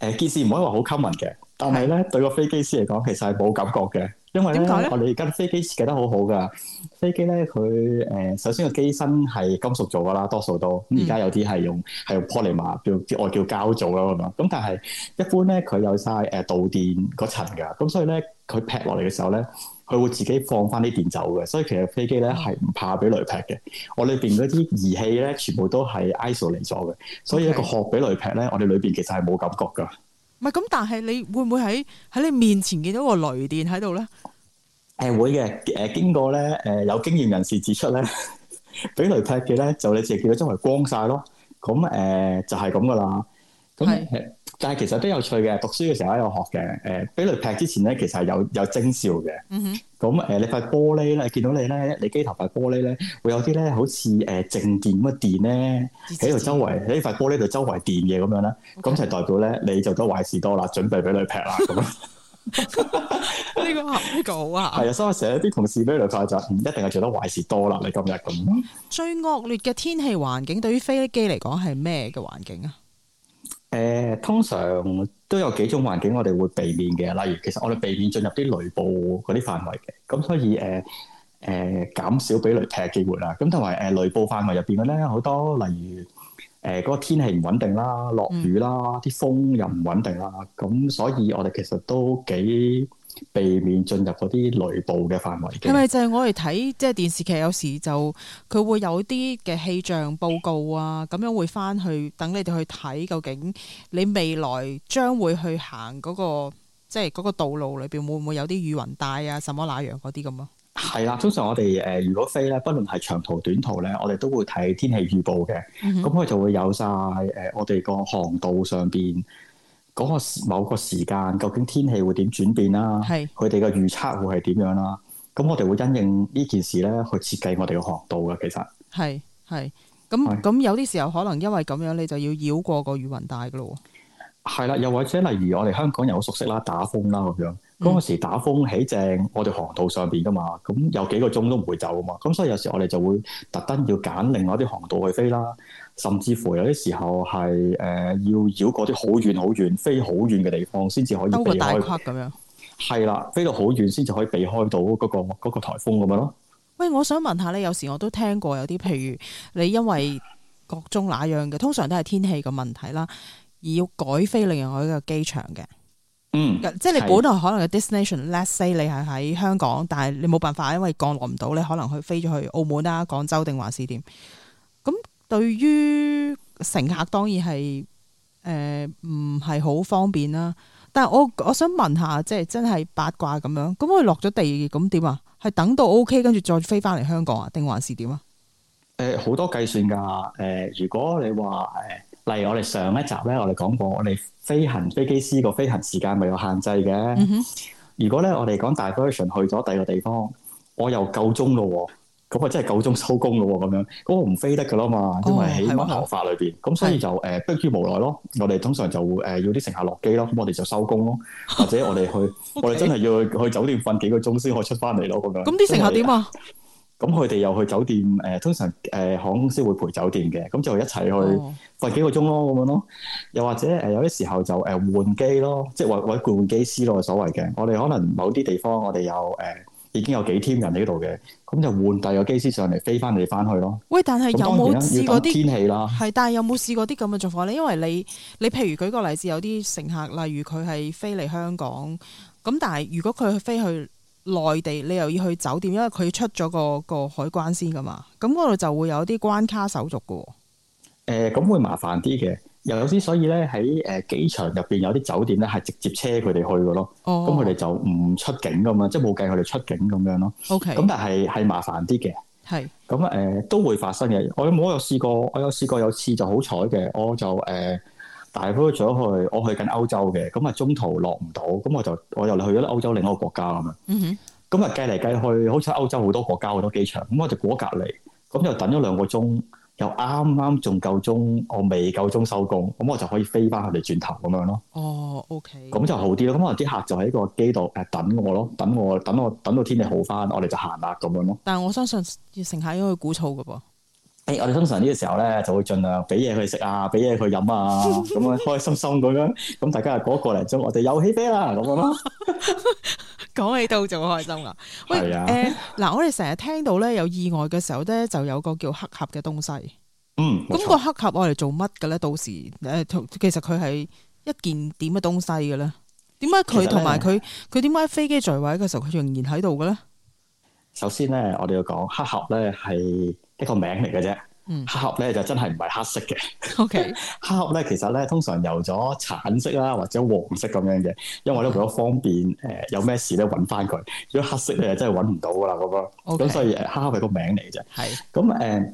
誒，件事唔可以話好 common 嘅。但係咧，是對個飛機師嚟講，其實係冇感覺嘅，因為咧，為呢我哋而家飛機設計得好好噶。飛機咧，佢誒、呃，首先個機身係金屬做噶啦，多數都。而家有啲係用係、嗯、用 polymer，叫我叫膠做啦咁樣。咁但係一般咧，佢有晒誒、啊、導電個層噶。咁所以咧，佢劈落嚟嘅時候咧。佢會自己放翻啲電走嘅，所以其實飛機咧係唔怕俾雷劈嘅。我裏邊嗰啲儀器咧，全部都係 ISO 嚟咗嘅，所以一個殼俾雷劈咧，我哋裏邊其實係冇感覺噶。唔係咁，但係你會唔會喺喺你面前見到個雷電喺度咧？誒、欸、會嘅，誒、呃、經過咧，誒、呃、有經驗人士指出咧，俾 雷劈嘅咧就你直接見到周圍光晒咯。咁誒、呃、就係咁噶啦。咁係。但係其實都有趣嘅，讀書嘅時候喺度學嘅。誒，俾雷劈之前咧，其實係有有徵兆嘅。咁誒，你塊玻璃咧，見到你咧，你機頭塊玻璃咧，會有啲咧，好似誒靜電乜電咧，喺度周圍喺塊玻璃度周圍電嘢咁樣啦。咁就代表咧，你做得壞事多啦，準備俾雷劈啦咁。呢個考稿啊，係啊，所以我成日啲同事俾雷劈就，唔一定係做得壞事多啦。你今日咁最惡劣嘅天氣環境，對於飛機嚟講係咩嘅環境啊？誒通常都有幾種環境我哋會避免嘅，例如其實我哋避免進入啲雷暴嗰啲範圍嘅，咁所以誒誒、呃呃、減少俾雷劈嘅機會啦。咁同埋誒雷暴範圍入邊嘅咧好多，例如誒嗰個天氣唔穩定啦，落雨啦，啲風又唔穩定啦，咁、嗯、所以我哋其實都幾。避免進入嗰啲雷暴嘅範圍。係咪就係我哋睇即係電視劇？有時就佢會有啲嘅氣象報告啊，咁樣會翻去等你哋去睇，究竟你未來將會去行嗰個即係嗰個道路裏邊，會唔會有啲雨雲帶啊？什麼那樣嗰啲咁啊？係啦，通常我哋誒如果飛咧，不論係長途短途咧，我哋都會睇天氣預報嘅。咁佢就會有晒誒我哋個航道上邊。嗰個某個時間究竟天氣會點轉變啦？係佢哋嘅預測會係點樣啦？咁我哋會因應呢件事咧去設計我哋嘅航道嘅，其實係係咁咁，有啲時候可能因為咁樣，你就要繞過個雨雲帶噶咯。係啦，又或者例如我哋香港人好熟悉啦，打風啦咁樣。嗰個、嗯、時打風喺正我哋航道上邊噶嘛，咁有幾個鐘都唔會走啊嘛，咁所以有時我哋就會特登要揀另外一啲航道去飛啦，甚至乎有啲時候係誒、呃、要繞過啲好遠好遠、飛好遠嘅地方先至可以避開。咁樣係啦，飛到好遠先至可以避開到嗰、嗰個嗰、嗰個颱風咁樣咯。喂，我想問下咧，有時我都聽過有啲譬如你因為各種那樣嘅，通常都係天氣嘅問題啦，而要改飛另外一個機場嘅。嗯、即係你本來可能嘅 destination，let's 是 say 你係喺香港，但係你冇辦法，因為降落唔到，你可能去飛咗去澳門啦、廣州定還是點？咁對於乘客當然係誒唔係好方便啦。但係我我想問下，即係真係八卦咁樣，咁佢落咗地咁點啊？係等到 OK 跟住再飛翻嚟香港啊？定還是點啊？誒、呃，好多計算㗎。誒、呃，如果你話誒。例如我哋上一集咧，我哋講過，我哋飛行飛機師個飛行時間咪有限制嘅。Mm hmm. 如果咧我哋講大 version 去咗第二個地方，我又夠鐘咯，咁我真係夠鐘收工咯，咁樣，咁我唔飛得噶啦嘛，因為起碼頭髮裏邊，咁、oh, 所以就誒迫於無奈咯。我哋通常就誒要啲乘客落機咯，咁我哋就收工咯，或者我哋去， Okay. 我哋真係要去去酒店瞓幾個鐘先可以出翻嚟咯，咁樣。咁啲乘客點啊？ 咁佢哋又去酒店，誒通常誒航空公司會陪酒店嘅，咁就一齊去瞓幾個鐘咯，咁樣咯。又或者誒、呃、有啲時候就誒換機咯，即係揾揾換機師咯，所謂嘅。我哋可能某啲地方我哋有誒、呃、已經有幾 team 人喺度嘅，咁就換第二個機師上嚟飛翻嚟翻去咯。喂，但係有冇試過啲天氣啦？係，但係有冇試過啲咁嘅狀況咧？因為你你譬如舉個例子，有啲乘客，例如佢係飛嚟香港，咁但係如果佢飛去。內地你又要去酒店，因為佢出咗個個海關先噶嘛，咁嗰度就會有啲關卡手續噶。誒、呃，咁會麻煩啲嘅。又有啲所以咧，喺誒機場入邊有啲酒店咧係直接車佢哋去嘅咯，哦。咁佢哋就唔出境噶嘛，即係冇計佢哋出境咁樣咯。O K，咁但係係麻煩啲嘅，係咁誒都會發生嘅。我冇我有試過，我有試過有次就好彩嘅，我就誒。呃大概咗去，我去緊歐洲嘅，咁啊中途落唔到，咁我就我又去咗歐洲另一個國家咁啊，咁啊計嚟計去，好似喺歐洲好多國家好多機場，咁我就過隔離，咁就等咗兩個鐘，又啱啱仲夠鐘，我未夠鐘收工，咁我就可以飛翻佢哋轉頭咁樣咯。哦，OK，咁就好啲咯。咁我啲客就喺個機度誒等我咯，等我，等我，等我等到天氣好翻，我哋就行啦咁樣咯。但係我相信，乘客應該會鼓噪噶噃。誒、欸，我哋通常呢個時候咧，就會盡量俾嘢佢食啊，俾嘢佢飲啊，咁樣開心心咁樣。咁 大家又過一個零鐘，我哋又起飛啦，咁樣咯。講 起都好，就開心噶。喂，誒，嗱，我哋成日聽到咧有意外嘅時候咧，就有個叫黑盒嘅東西。嗯，咁個黑盒我嚟做乜嘅咧？到時誒，其實佢係一件點嘅東西嘅咧？點解佢同埋佢，佢點解飛機墜毀嘅時候，佢仍然喺度嘅咧？首先咧，我哋要講黑盒咧係。一個名嚟嘅啫，嗯、黑盒咧就真係唔係黑色嘅。 o Okay . K，黑盒咧其實咧通常油咗橙色啦或者黃色咁樣嘅，因為咧為咗方便誒、呃、有咩事咧揾翻佢，如果黑色咧真係揾唔到噶啦咁咁所以誒黑盒係個名嚟嘅啫。係是，咁誒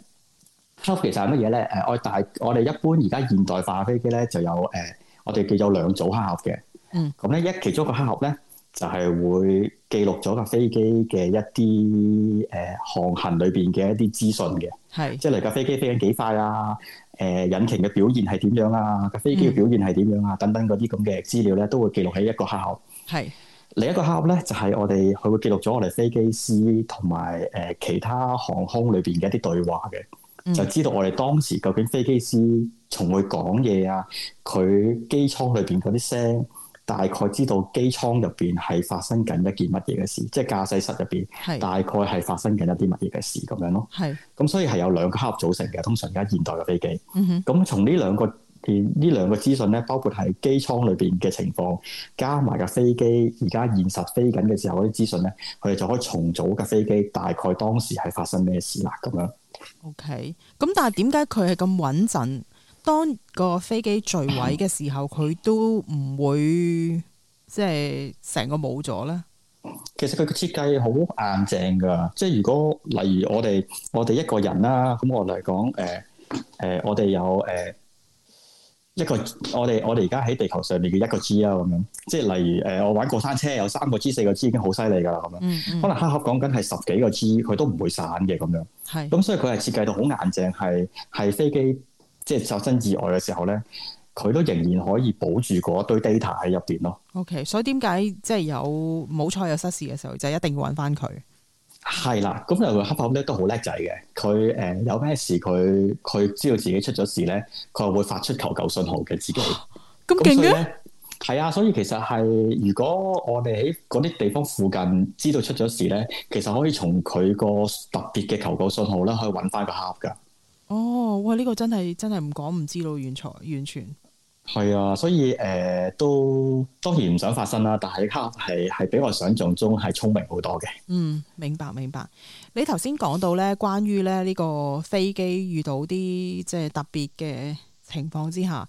黑盒其實係乜嘢咧？誒，我大我哋一般而家現代化飛機咧就有誒、呃、我哋叫有兩組黑盒嘅。嗯，咁咧一其中一個黑盒咧。就係會記錄咗架飛機嘅一啲誒、呃、航行裏邊嘅一啲資訊嘅，係是即係嚟架飛機飛緊幾快啊？誒、呃、引擎嘅表現係點樣啊？架飛機嘅表現係點樣啊？嗯、等等嗰啲咁嘅資料咧，都會記錄喺一個黑盒。係是另一個黑盒咧，就係、是、我哋佢會記錄咗我哋飛機師同埋誒其他航空裏邊嘅一啲對話嘅，嗯、就知道我哋當時究竟飛機師從會講嘢啊，佢機艙裏邊嗰啲聲。大概知道機艙入邊係發生緊一件乜嘢嘅事，即係駕駛室入邊，大概係發生緊一啲乜嘢嘅事咁樣咯。係是，咁所以係有兩個黑盒組成嘅，通常而家現代嘅飛機。咁從、嗯、哼呢兩個呢兩個資訊咧，包括係機艙裏邊嘅情況，加埋架飛機而家現實飛緊嘅時候嗰啲資訊咧，佢哋就可以重組架飛機大概當時係發生咩事啦咁樣。OK，咁但係點解佢係咁穩陣？當個飛機墜毀嘅時候，佢都唔會即係成個冇咗啦。其實佢嘅設計好硬淨噶，即係如果例如我哋我哋一個人啦，咁我嚟講，誒、呃、誒、呃，我哋有誒、呃、一個，我哋我哋而家喺地球上面嘅一個 G 啊，咁樣，即係例如誒、呃，我玩過山車有三個 G、四個 G 已經好犀利噶啦，咁樣，嗯嗯可能黑盒講緊係十幾個 G，佢都唔會散嘅咁樣。係是，咁所以佢係設計到好硬淨，係係飛機。即係發生意外嘅時候咧，佢都仍然可以保住嗰一堆 data 喺入邊咯。OK，所以點解即係有冇錯有失事嘅時候，就一定要揾翻佢？係啦，咁又黑盒咧都好叻仔嘅。佢誒，有咩事，佢佢知道自己出咗事咧，佢會發出求救信號嘅。自己咁勁啊！係啊，所以其實係如果我哋喺嗰啲地方附近知道出咗事咧，其實可以從佢個特別嘅求救信號咧，去以揾翻個盒嘅。哦，哇！呢個真係真係，唔講唔知咯，原才完全係啊，所以誒都當然唔想發生啦。但係呢刻係係比我想象中係聰明好多嘅。嗯，明白明白。你頭先講到咧，關於咧呢個飛機遇到啲即係特別嘅情況之下，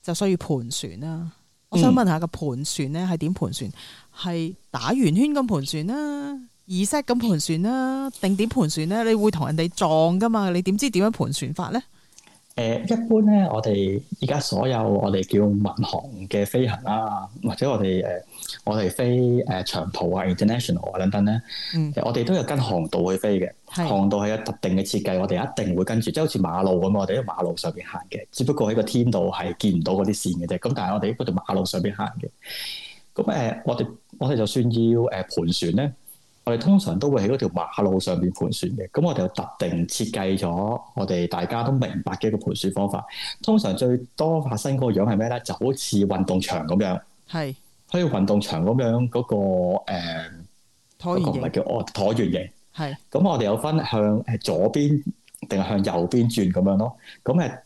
就需要盤旋啦、啊。我想問下個、嗯、盤旋咧係點盤旋？係打圓圈咁盤旋啦、啊？儀式咁盤旋啦，定點盤旋咧？你會同人哋撞噶嘛？你點知點樣盤旋法咧？誒、呃，一般咧，我哋而家所有我哋叫民航嘅飛行啦、啊，或者我哋誒、呃，我哋飛誒、呃、長途啊，international 啊等等咧，嗯、我哋都有跟航道去飛嘅，的航道係有特定嘅設計，我哋一定會跟住，即係好似馬路咁，我哋喺馬路上邊行嘅，只不過喺個天道係見唔到嗰啲線嘅啫。咁但係我哋一般喺條馬路上邊行嘅。咁誒、呃，我哋我哋就算要誒盤旋咧。我哋通常都會喺嗰條馬路上邊盤旋嘅，咁我哋就特定設計咗我哋大家都明白嘅一個盤旋方法。通常最多發生嗰個樣係咩咧？就好似運動場咁樣，係喺個運動場咁樣嗰、嗰個誒，嗰個唔係叫橢橢圓形，係咁是我哋有分向誒左邊定係向右邊轉咁樣咯。咁誒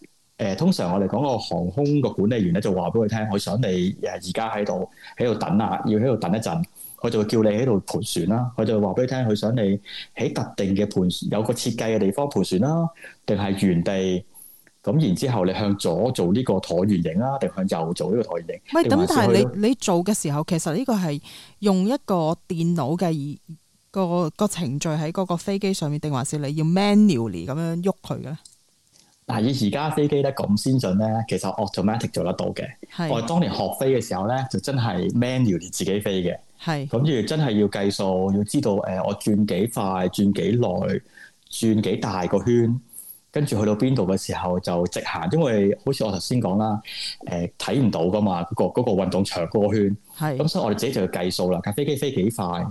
誒，通常我哋講個航空個管理員咧，就話俾佢聽，我想你誒而家喺度喺度等啊，要喺度等一陣。佢就會叫你喺度盤旋啦，佢就話俾你聽，佢想你喺特定嘅盤旋有個設計嘅地方盤旋啦，定係原地咁，然之後，後你向左做呢個橢圓形啦，定向右做呢個橢圓形。唔係等，咁但係你你做嘅時候，其實呢個係用一個電腦嘅個個程序喺嗰個飛機上面，定還是你要 manually 咁樣喐佢嘅咧？嗱，以而家飛機咧咁先進咧，其實 automatic 做得到嘅。是我哋當年學飛嘅時候咧，就真係 manual 自己飛嘅。係是。咁要真係要計數，要知道誒，我轉幾快、轉幾耐、轉幾大個圈，跟住去到邊度嘅時候就直行。因為好似我頭先講啦，誒睇唔到噶嘛，嗰個嗰、嗰個運動場個圈。係是。咁所以我哋自己就要計數啦，架飛機飛幾快、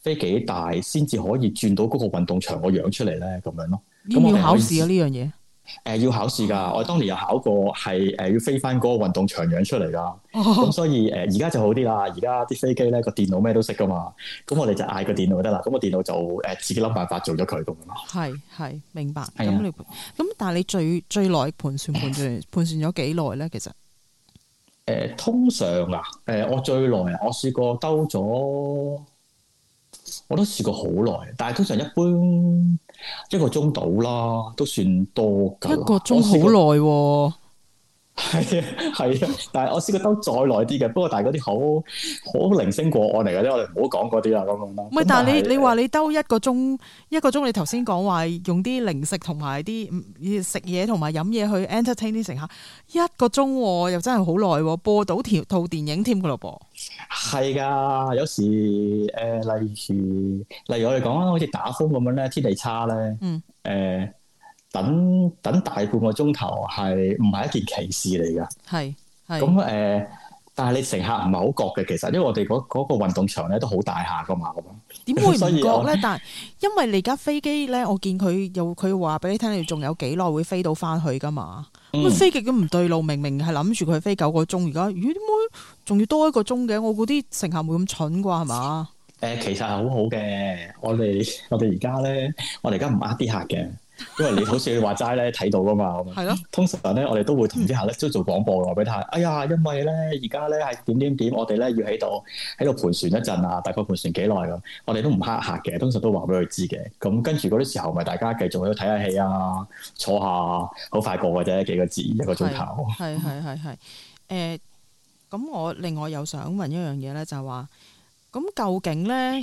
飛幾大，先至可以轉到嗰個運動場個樣出嚟咧，咁樣咯。咁要考試啊呢樣嘢？誒、呃，要考試噶，我當年又考過，係誒、呃、要飛翻嗰個運動場樣出嚟啦。咁、 嗯、所以誒，而、呃、家就好啲啦，而家啲飛機咧個電腦咩都識噶嘛，咁我哋就嗌個電腦得啦，咁個電腦就誒自己諗辦法做咗佢咁咯。係係，明白。咁的你咁但係你最最耐盤算盤算盤算咗幾耐咧？其實誒、呃，通常啊，誒、呃，我最耐我試過兜咗。我都試過好耐，但係通常一般一個鐘到啦，都算多㗎。一個鐘好耐喎。 係啊，係啊， 但係我試過兜再耐啲嘅，不過但係嗰啲好好零星個案嚟嘅啫，我哋唔好講嗰啲啦，咁樣啦。唔係是，但係你你話你兜一個鐘，一個鐘你頭先講話用啲零食同埋啲食嘢同埋飲嘢去 entertain 啲乘客，一個鐘又真係好耐，播到條套電影添噶咯噃。係噶，有時誒、呃，例如例如我哋講啊，好似打風咁樣咧，天氣差咧，嗯，誒、呃。等等大半個鐘頭係唔係一件奇事嚟噶？係，咁誒、呃，但係你乘客唔係好覺嘅，其實，因為我哋嗰嗰個運動場咧都好大下噶嘛，點會唔覺咧？以但係因為你而家飛機咧，我見佢有佢話俾你聽，你仲有幾耐會飛到翻去噶嘛？嗯、飛極都唔對路，明明係諗住佢飛九個鐘，而家咦點解仲要多一個鐘嘅？我嗰啲乘客會咁蠢啩？係嘛？誒、呃，其實係好好嘅，我哋我哋而家咧，我哋而家唔呃啲客嘅。 因為你好似話齋咧睇到噶嘛，係咯的。通常咧，我哋都會同啲客咧都做廣播嘅，話俾佢：哎呀，因為咧而家咧係點點點，我哋咧要喺度喺度盤旋一陣啊，大概盤旋幾耐咯。我哋都唔黑客嘅，通常都話俾佢知嘅。咁跟住嗰啲時候，咪大家繼續去睇下戲啊，坐下，好快過嘅啫，幾個字，一個鐘頭。係係係係，誒，咁我另外又想問一樣嘢咧，就係話，咁究竟咧？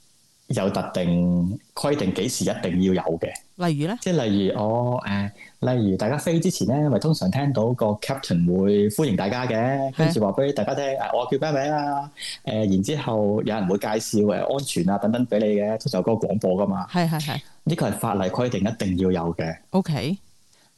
有特定規定幾時一定要有嘅，例如咧，即係例如我誒，例如大家飛之前咧，咪通常聽到個 captain 會歡迎大家嘅，跟住話俾大家聽，我叫咩名啊，誒，然之後有人會介紹誒安全啊等等俾你嘅，出就嗰個廣播噶嘛，係係係，呢個係法例規定一定要有嘅。OK，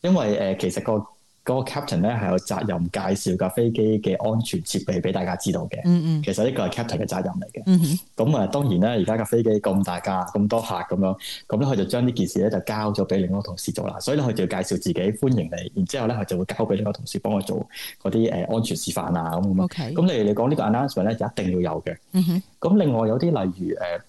因為誒其實個。個 captain 咧係有責任介紹架飛機嘅安全設備俾大家知道嘅。嗯嗯，其實呢個係 captain 嘅責任嚟嘅。咁啊、嗯、哼當然啦，而家架飛機咁大架，咁多客咁樣，咁咧佢就將呢件事咧就交咗俾另一個同事做啦。所以咧佢就要介紹自己歡迎你，然之後咧佢就會交俾呢個同事幫我做嗰啲誒安全示範啊咁咁 OK。咁例如你講個呢個 announcement 咧就一定要有嘅。咁、嗯、哼另外有啲例如誒。呃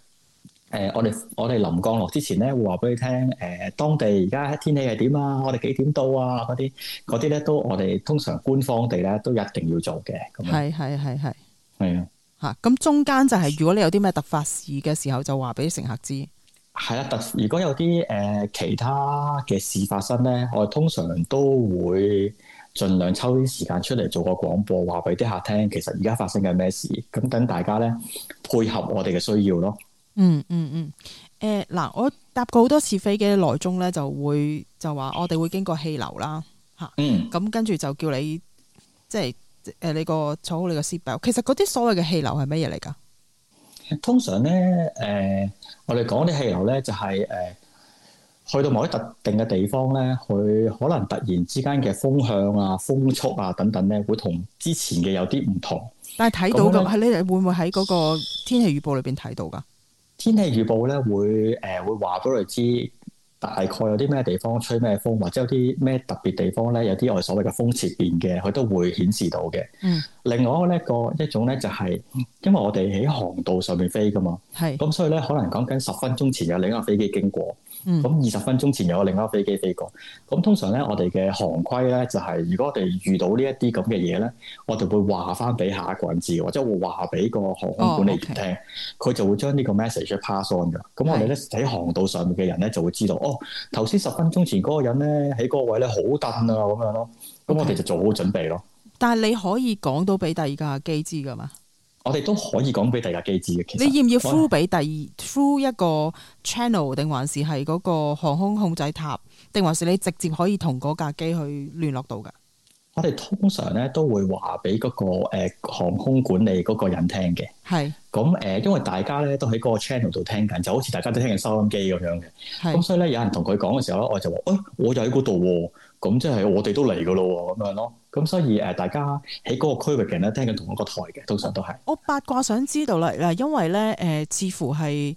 誒、呃，我哋我哋臨降落之前咧，會話俾你聽，誒、呃，當地而家天氣係點啊？我哋幾點到啊？嗰啲嗰啲咧，都我哋通常官方地咧，都一定要做嘅。係係係係係啊！吓，咁的中間就係、是、如果你有啲咩突發事嘅時候，就話俾乘客知。係啊，特如果有啲誒、呃、其他嘅事發生咧，我哋通常都會盡量抽啲時間出嚟做個廣播，話俾啲客聽。其實而家發生緊咩事？咁等大家咧配合我哋嘅需要咯。嗯嗯嗯，誒嗱，我搭過好多次飛機來中咧，就會就話我哋會經過氣流啦，吓、嗯，咁跟住就叫你即係誒你個坐好你個 seatbelt。其實嗰啲所謂嘅氣流係乜嘢嚟噶？通常咧，誒、呃、我哋講啲氣流咧，就係、是、誒、呃、去到某一特定嘅地方咧，佢可能突然之間嘅風向啊、風速啊等等咧，會同之前嘅有啲唔同。但係睇到咁係你哋會唔會喺嗰個天氣預報裏邊睇到噶？天氣預報咧會誒、呃、會話俾我知，大概有啲咩地方吹咩風，或者有啲咩特別地方咧，有啲我哋所謂嘅風切變嘅，佢都會顯示到嘅。嗯。另外一個一種咧就係、是，因為我哋喺航道上面飛噶嘛，咁是所以咧可能講緊十分鐘前有另一架飛機經過，咁二十分鐘前有另一架飛機飛過。咁通常咧我哋嘅航規咧就係、是，如果我哋遇到呢一啲咁嘅嘢咧，我哋會話翻俾下一個人知，或者會話俾個航空管理員聽，佢、哦 okay、就會將呢個 message pass on 㗎。咁我哋咧喺航道上面嘅人咧就會知道，哦，頭先十分鐘前嗰個人咧喺嗰個位咧好近啊，咁樣咯，咁 Okay 我哋就做好準備咯。但係你可以講到俾第二架機知噶嘛？我哋都可以講俾第二架機知嘅。其實你要唔要呼 h 俾第二呼一個 channel 定還是係嗰個航空控制塔，定還是你直接可以同嗰架機去聯絡到噶？我哋通常咧都會話俾嗰個誒航空管理嗰個人聽嘅。係咁誒，因為大家咧都喺嗰個 channel 度聽緊，就好似大家都聽緊收音機咁樣嘅。咁是所以咧，有人同佢講嘅時候咧，我就話，誒、欸，我就喺嗰度，咁即係我哋都嚟噶咯，咁樣咯。咁所以誒，大家喺嗰個區域入邊咧，聽緊同一個台嘅，通常都係。我八卦想知道啦，嗱，因為呢，誒、呃，似乎係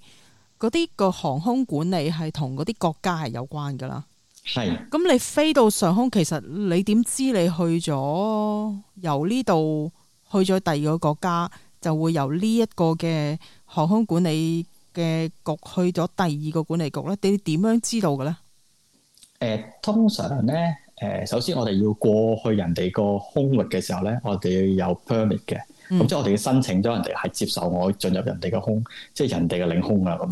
嗰啲個航空管理係同嗰啲國家係有關噶啦。係是。咁你飛到上空，其實你點知你去咗由呢度去咗第二個國家，就會由呢一個嘅航空管理嘅局去咗第二個管理局呢？你點樣知道嘅呢？誒、呃，通常呢。誒，首先我哋要過去人哋個空域嘅時候咧，我哋要有 permit 嘅，咁、嗯、即係我哋要申請咗人哋係接受我進入人哋嘅空，即係人哋嘅領空啦。咁，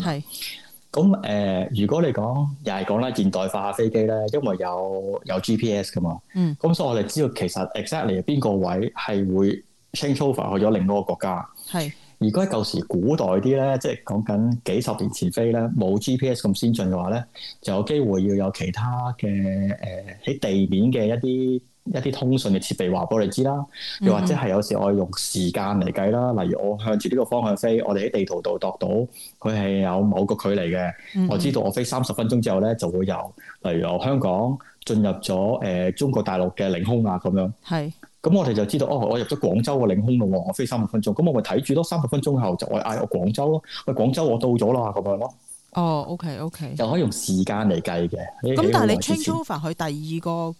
咁誒是、呃，如果你講又係講啦，現代化飛機咧，因為有有 GPS 噶嘛，嗯，咁所以我哋知道其實 exactly 邊個位係會 change over 去咗另外一個國家。係。如果喺舊時古代啲咧，即係講緊幾十年前飛咧，冇 GPS 咁先進嘅話咧，就有機會要有其他嘅誒喺地面嘅一啲一啲通訊嘅設備話俾我哋知啦，又或者係有時我用時間嚟計啦，例如我向住呢個方向飛，我哋喺地圖度度到佢係有某個距離嘅，我知道我飛三十分鐘之後咧就會由例如由香港進入咗誒、呃、中國大陸嘅領空啊咁樣。係。咁我哋就知道哦，我入咗廣州嘅領空咯，我飛三十分鐘，咁我咪睇住多三十分鐘後就我嗌我廣州咯，喂、哎、廣州我到咗啦咁樣咯。哦、oh，OK OK，就可以用時間嚟計嘅。咁但係你 change over 去第二個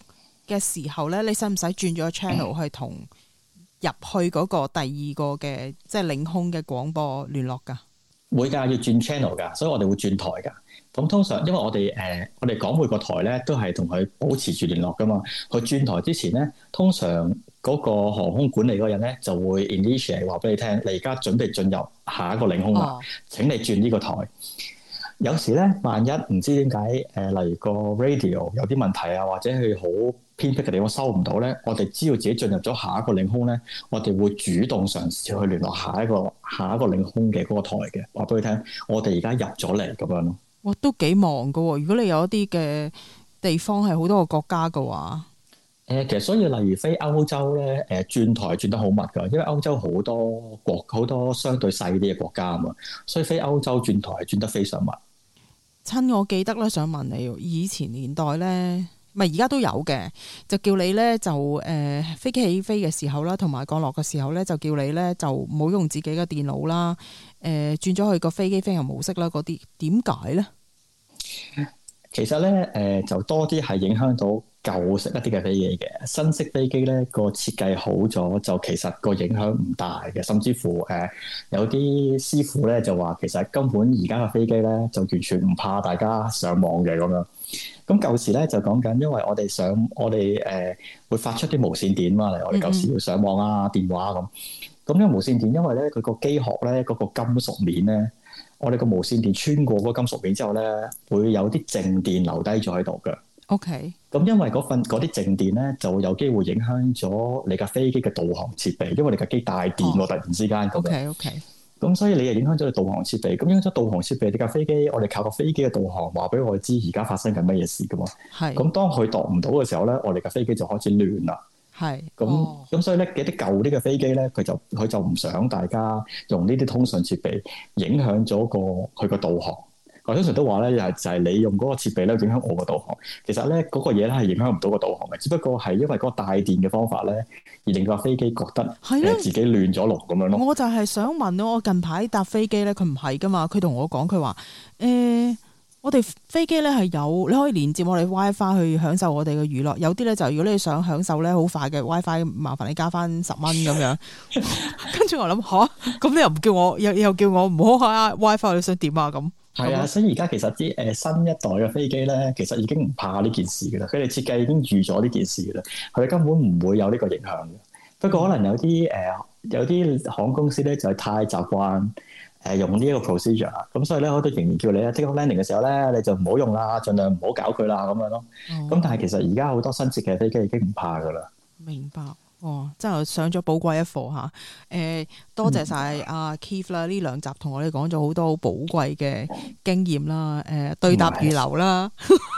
嘅時候咧，你使唔使轉咗個 channel 去同入去嗰個第二個嘅、嗯、即係領空嘅廣播聯絡㗎？會㗎，要轉 channel 㗎，所以我哋會轉台㗎。咁通常因為我哋誒、呃、我哋講每個台咧都係同佢保持住聯絡㗎嘛，佢轉台之前咧通常。通常嗰個航空管理嗰人咧就會 initiate 話俾你聽，你而家準備進入下一個領空啦，哦、請你轉呢個台。有時咧，萬一唔知點解、呃、例如個 radio 有啲問題啊，或者係好偏僻嘅地方收唔到咧，我哋知道自己進入咗下一個領空咧，我哋會主動嘗試去聯絡下一個下一個領空嘅嗰個台嘅，話俾你聽，我哋而家入咗嚟咁樣咯。哇，都幾忙噶、哦！如果你有一啲嘅地方係好多個國家嘅話，誒，其實所以例如飛歐洲咧，誒轉台轉得好密㗎，因為歐洲好多國好多相對細啲嘅國家啊嘛，所以飛歐洲轉台係轉得非常密。親，我記得咧，想問你，以前年代咧，唔係而家都有嘅，就叫你咧就誒、呃、飛機起飛嘅時候啦，同埋降落嘅時候咧，就叫你咧就唔好用自己嘅電腦啦，誒轉咗去個飛機飛行模式啦，嗰啲點解咧？呢其實咧，誒、呃、就多啲係影響到。舊式一啲嘅飛機嘅新式飛機咧，個設計好咗，就其實個影響唔大嘅，甚至乎誒、呃、有啲師傅咧就話其實根本而家嘅飛機咧就完全唔怕大家上網嘅咁樣。咁舊時咧就講緊，因為我哋上我哋誒、呃、會發出啲無線電嘛，嚟、mm hmm. 我哋舊時要上網啊電話咁、啊。咁呢個無線電，因為咧佢個機殼咧嗰，那個金屬面咧，我哋個無線電穿過嗰金屬面之後咧，會有啲靜電留低咗喺度嘅。O K，咁因為嗰份嗰啲靜電咧，就會有機會影響咗你架飛機嘅導航設備，因為你架機帶電喎，突然之間咁 O K O K，咁所以你又影響咗你導航設備，咁、嗯、影響咗導航設備，你架飛機，我哋靠個飛機嘅導航，話俾我知而家發生緊乜嘢事噶喎。係是，咁、嗯、當佢度唔到嘅時候咧，我哋架飛機就開始亂啦。係，咁、oh. 咁、嗯嗯、所以咧，嗰啲舊啲嘅飛機咧，佢就佢就唔想大家用呢啲通訊設備影響咗個佢個導航。我通常都話咧，就係、是、你用嗰個設備咧，影響我個導航。其實咧，嗰個嘢咧，係影響唔到個導航嘅，只不過係因為嗰個帶電嘅方法咧，而令到飛機覺得係自己亂咗路。咁樣咯。我就係想問咯，我近排搭飛機咧，佢唔係噶嘛？佢同我講佢話：誒、欸，我哋飛機咧，係有你可以連接我哋 WiFi 去享受我哋嘅娛樂。有啲咧就如果你想享受咧，好快嘅 WiFi，麻煩你加翻十蚊咁樣。跟住 我諗吓？咁、啊、你又唔叫我又又叫我唔好開 WiFi，你想點啊咁？係啊，所以而家其實啲誒新一代嘅飛機咧，其實已經唔怕呢件事嘅啦。佢哋設計已經預咗呢件事嘅啦，佢哋根本唔會有呢個影響嘅。不過可能有啲誒、嗯呃、有啲航空公司咧就太習慣誒用呢一個 procedure，咁所以咧我都仍然叫你咧 takeoff landing 嘅時候咧，你就唔好用啦，儘量唔好搞佢啦咁樣咯。咁、哦、但係其實而家好多新設計嘅飛機已經唔怕嘅啦。明白。哦，真係上咗寶貴一課吓。誒、欸，多謝晒阿 Keith 啦，呢兩集同我哋講咗好多好寶貴嘅經驗啦。誒、呃，是對答如流啦。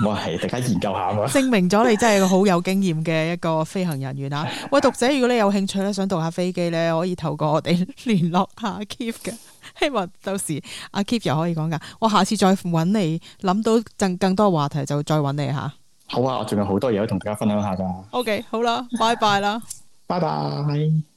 唔係是，大家 研究下嘛。 證明咗你真係個好有經驗嘅一個飛行人員啊！ 喂，讀者，如果你有興趣咧，想讀下飛機咧，可以透過我哋聯絡下 Keith 嘅。希望到時阿、啊、Keith 又可以講噶。我下次再搵你，諗到更多話題就再搵你吓。好啊，我仲有好多嘢都同大家分享下噶。 o、okay, K，好啦，拜拜啦。拜拜。